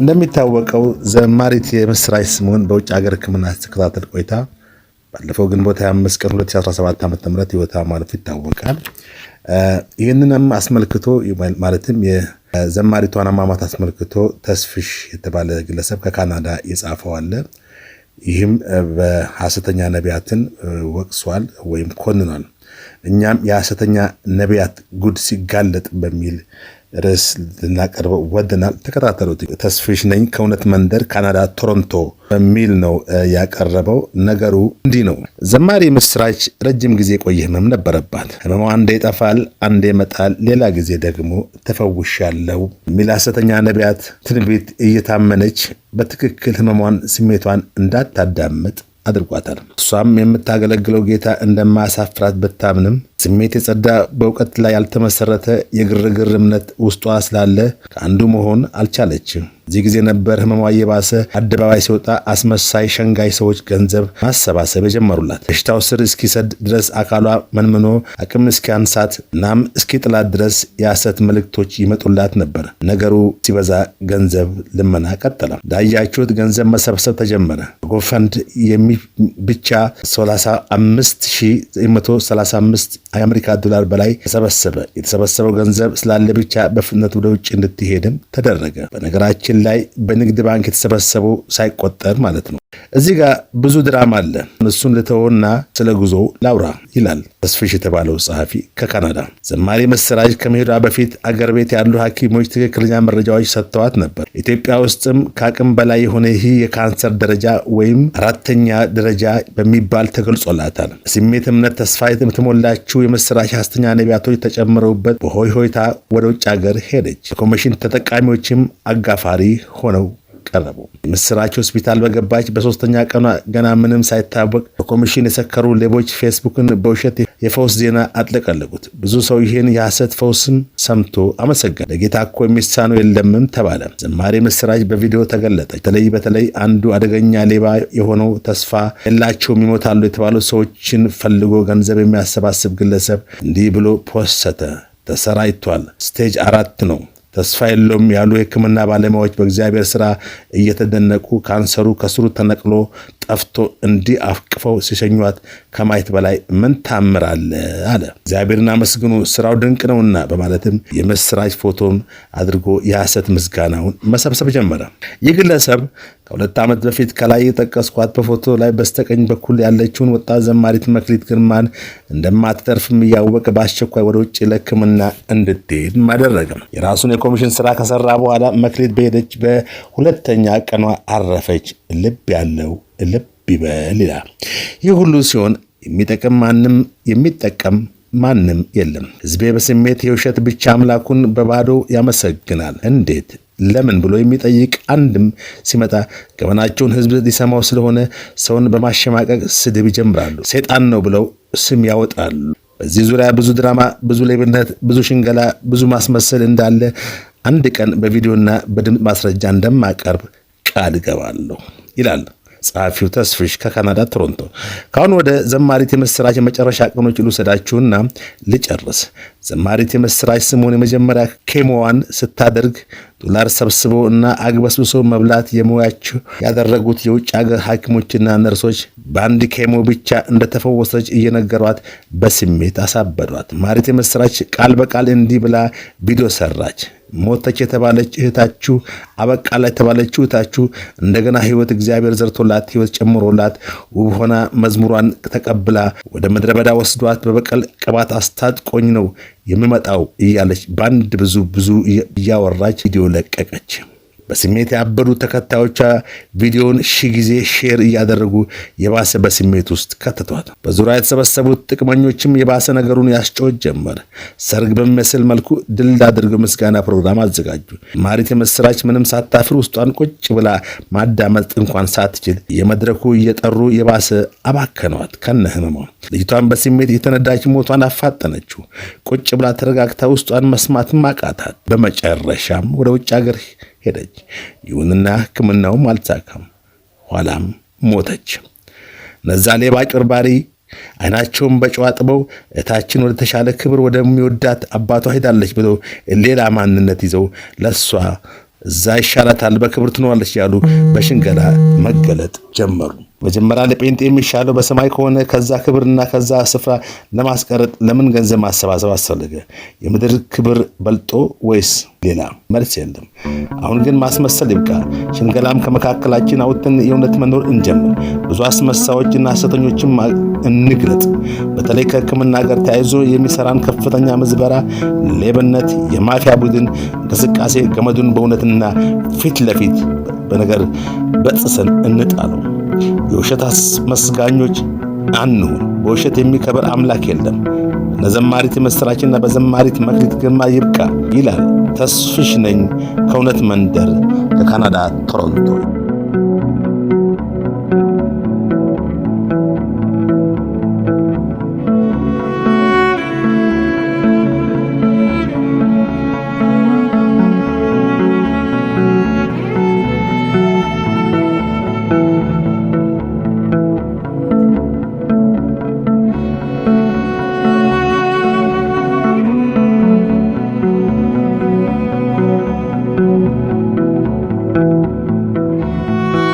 እንደሚታወቀው ዘማሪት የምስራች ስምኦን በውጭ ሀገር ሕክምና ስትከታተል ቆይታ ባለፈው ግንቦት 25 ቀን 2017 ዓ ም ህይወቷ ማለፉ ይታወቃል። ይህንንም አስመልክቶ ማለትም የዘማሪቷን አሟሟት አስመልክቶ ተስፍሽ የተባለ ግለሰብ ከካናዳ የጻፈው አለ። ይህም በሐሰተኛ ነቢያትን ወቅሷል ወይም ኮንኗል። እኛም የሐሰተኛ ነቢያት ጉድ ሲጋለጥ በሚል ርዕስ ልናቀርበው ወደናል። ተከታተሉት። ተስፍሽ ነኝ ከእውነት መንደር ካናዳ ቶሮንቶ በሚል ነው ያቀረበው። ነገሩ እንዲህ ነው። ዘማሪ ምስራች ረጅም ጊዜ ቆየ ህመም ነበረባት። ህመሟ አንዴ ይጠፋል፣ አንዴ ይመጣል፣ ሌላ ጊዜ ደግሞ ተፈውሻለሁ የሚል ሐሰተኛ ነቢያት ትንቢት እየታመነች በትክክል ህመሟን ስሜቷን እንዳታዳምጥ አድርጓታል። እሷም የምታገለግለው ጌታ እንደማያሳፍራት ብታምንም ስሜት የጸዳ በእውቀት ላይ ያልተመሰረተ የግርግር እምነት ውስጧ ስላለ ከአንዱ መሆን አልቻለችም። እዚህ ጊዜ ነበር ህመሟ እየባሰ አደባባይ ሲወጣ አስመሳይ ሸንጋይ ሰዎች ገንዘብ ማሰባሰብ የጀመሩላት። በሽታው ስር እስኪሰድ ድረስ አካሏ መንምኖ አቅም እስኪያንሳት እናም እስኪጥላት ድረስ የሐሰት መልእክቶች ይመጡላት ነበር። ነገሩ ሲበዛ ገንዘብ ልመና ቀጠለም። ዳያችሁት ገንዘብ መሰብሰብ ተጀመረ። ጎፈንድ ብቻ 35935 የአሜሪካ ዶላር በላይ ተሰበሰበ። የተሰበሰበው ገንዘብ ስላለ ብቻ በፍጥነት ወደ ውጭ እንድትሄድም ተደረገ። በነገራችን ላይ በንግድ ባንክ የተሰበሰቡ ሳይቆጠር ማለት ነው። እዚህ ጋር ብዙ ድራማ አለ። እሱን ልተወና ስለ ጉዞ ላውራ ይላል ተስፍሽ የተባለው ጸሐፊ ከካናዳ። ዘማሪ ምስራች ከመሄዷ በፊት አገር ቤት ያሉ ሐኪሞች ትክክለኛ መረጃዎች ሰጥተዋት ነበር። ኢትዮጵያ ውስጥም ከአቅም በላይ የሆነ ይህ የካንሰር ደረጃ ወይም አራተኛ ደረጃ በሚባል ተገልጾላታል። ስሜት፣ እምነት፣ ተስፋ የምትሞላችው የምስራች ሐሰተኛ ነቢያቶች ተጨምረውበት በሆይ ሆይታ ወደ ውጭ ሀገር ሄደች። የኮሚሽን ተጠቃሚዎችም አጋፋሪ ሆነው ቀረቡ። ምስራች ሆስፒታል በገባች በሶስተኛ ቀኗ ገና ምንም ሳይታወቅ በኮሚሽን የሰከሩ ሌቦች ፌስቡክን በውሸት የፈውስ ዜና አጥለቀለቁት። ብዙ ሰው ይህን የሐሰት ፈውስን ሰምቶ አመሰገን። ለጌታ እኮ የሚሳኑ የለምም ተባለ። ዘማሪ ምስራች በቪዲዮ ተገለጠች። በተለይ በተለይ አንዱ አደገኛ ሌባ የሆነው ተስፋ የላቸውም ይሞታሉ የተባሉ ሰዎችን ፈልጎ ገንዘብ የሚያሰባስብ ግለሰብ እንዲህ ብሎ ፖሰተ። ተሰራይቷል። ስቴጅ አራት ነው ተስፋ የለውም ያሉ የሕክምና ባለሙያዎች በእግዚአብሔር ስራ እየተደነቁ ካንሰሩ ከስሩ ተነቅሎ ጠፍቶ እንዲህ አቅፈው ሲሸኟት ከማየት በላይ ምን ታምር አለ? አለ። እግዚአብሔርን አመስግኑ ስራው ድንቅ ነውና በማለትም የምስራች ፎቶም አድርጎ የሐሰት ምስጋናውን መሰብሰብ ጀመረ። ይህ ግለሰብ ከሁለት ዓመት በፊት ከላይ የጠቀስኳት በፎቶ ላይ በስተቀኝ በኩል ያለችውን ወጣት ዘማሪት መክሊት ግርማን እንደማትተርፍም እያወቀ በአስቸኳይ ወደ ውጭ ለሕክምና እንድትሄድ አደረግም። የራሱን የኮሚሽን ስራ ከሰራ በኋላ መክሊት በሄደች በሁለተኛ ቀኗ አረፈች። ልብ ያለው ልብ ይበል ይላል። ይህ ሁሉ ሲሆን የሚጠቅም ማንም የሚጠቀም ማንም የለም። ህዝቤ በስሜት የውሸት ብቻ አምላኩን በባዶ ያመሰግናል። እንዴት ለምን ብሎ የሚጠይቅ አንድም ሲመጣ ገመናቸውን ህዝብ ሊሰማው ስለሆነ ሰውን በማሸማቀቅ ስድብ ይጀምራሉ። ሰይጣን ነው ብለው ስም ያወጣሉ። በዚህ ዙሪያ ብዙ ድራማ፣ ብዙ ሌብነት፣ ብዙ ሽንገላ፣ ብዙ ማስመሰል እንዳለ አንድ ቀን በቪዲዮና በድምፅ ማስረጃ እንደማቀርብ ቃል እገባለሁ ይላል ጸሐፊው ተስፍሽ ከካናዳ ቶሮንቶ። ካሁን ወደ ዘማሪት የምስራች የመጨረሻ ቀኖች ልውሰዳችሁና ልጨርስ። ዘማሪት የምስራች ስሞን የመጀመሪያ ኬሞዋን ስታደርግ ዶላር ሰብስቦ እና አግበስብሶ መብላት የሙያቸው ያደረጉት የውጭ ሀገር ሐኪሞችና ነርሶች በአንድ ኬሞ ብቻ እንደተፈወሰች እየነገሯት በስሜት አሳበዷት። ማሪት የመስራች ቃል በቃል እንዲህ ብላ ቪዲዮ ሰራች። ሞተች የተባለች እህታችሁ አበቃላ የተባለችው እህታችሁ እንደገና ህይወት እግዚአብሔር ዘርቶላት ህይወት ጨምሮላት ውብ ሆና መዝሙሯን ተቀብላ ወደ ምድረ በዳ ወስዷት በበቀል ቅባት አስታጥቆኝ ነው የምመጣው እያለች በአንድ ብዙ ብዙ እያወራች ቪዲዮ ለቀቀች። በስሜት ያበዱ ተከታዮቿ ቪዲዮን ሺ ጊዜ ሼር እያደረጉ የባሰ በስሜት ውስጥ ከተቷት። በዙሪያ የተሰበሰቡት ጥቅመኞችም የባሰ ነገሩን ያስጮት ጀመር። ሰርግ በሚመስል መልኩ ድልድ አድርገው ምስጋና ፕሮግራም አዘጋጁ። ማሪት የምስራች ምንም ሳታፍር ውስጧን ቁጭ ብላ ማዳመጥ እንኳን ሳትችል የመድረኩ እየጠሩ የባሰ አባከነዋት ከነ ህመሟ። ልጅቷን በስሜት የተነዳች ሞቷን አፋጠነችው። ቁጭ ብላ ተረጋግታ ውስጧን መስማትም አቃታት። በመጨረሻም ወደ ውጭ ሀገር ሄደች። ይሁንና ሕክምናውም አልተሳካም። ኋላም ሞተች። እነዛ ሌባ ጭርባሪ አይናቸውን በጨዋጥበው ጥበው እህታችን ወደ ተሻለ ክብር ወደሚወዳት አባቷ ሄዳለች ብለው ሌላ ማንነት ይዘው ለእሷ እዛ ይሻላታል፣ በክብር ትኖራለች ያሉ በሽንገላ መገለጥ ጀመሩ። መጀመሪያ ለጴንጤ የሚሻለው በሰማይ ከሆነ ከዛ ክብርና ከዛ ስፍራ ለማስቀረጥ ለምን ገንዘብ ማሰባሰብ አስፈለገ? የምድር ክብር በልጦ ወይስ ሌላ? መልስ የለም። አሁን ግን ማስመሰል ይብቃ። ሽንገላም ከመካከላችን አውጥተን የእውነት መኖር እንጀምር። ብዙ አስመሳዮችና ሐሰተኞችም እንግለጥ። በተለይ ከሕክምና ጋር ተያይዞ የሚሰራን ከፍተኛ ምዝበራ፣ ሌብነት፣ የማፊያ ቡድን እንቅስቃሴ ገመዱን በእውነትና ፊት ለፊት በነገር በጥሰን እንጣለው። የውሸት አስመስጋኞች አንሁን። በውሸት የሚከበር አምላክ የለም። ለዘማሪት የምሥራችና በዘማሪት መክሊት ግርማ ይብቃ ይላል። ተስፍሽ ነኝ ከእውነት መንደር ከካናዳ ቶሮንቶ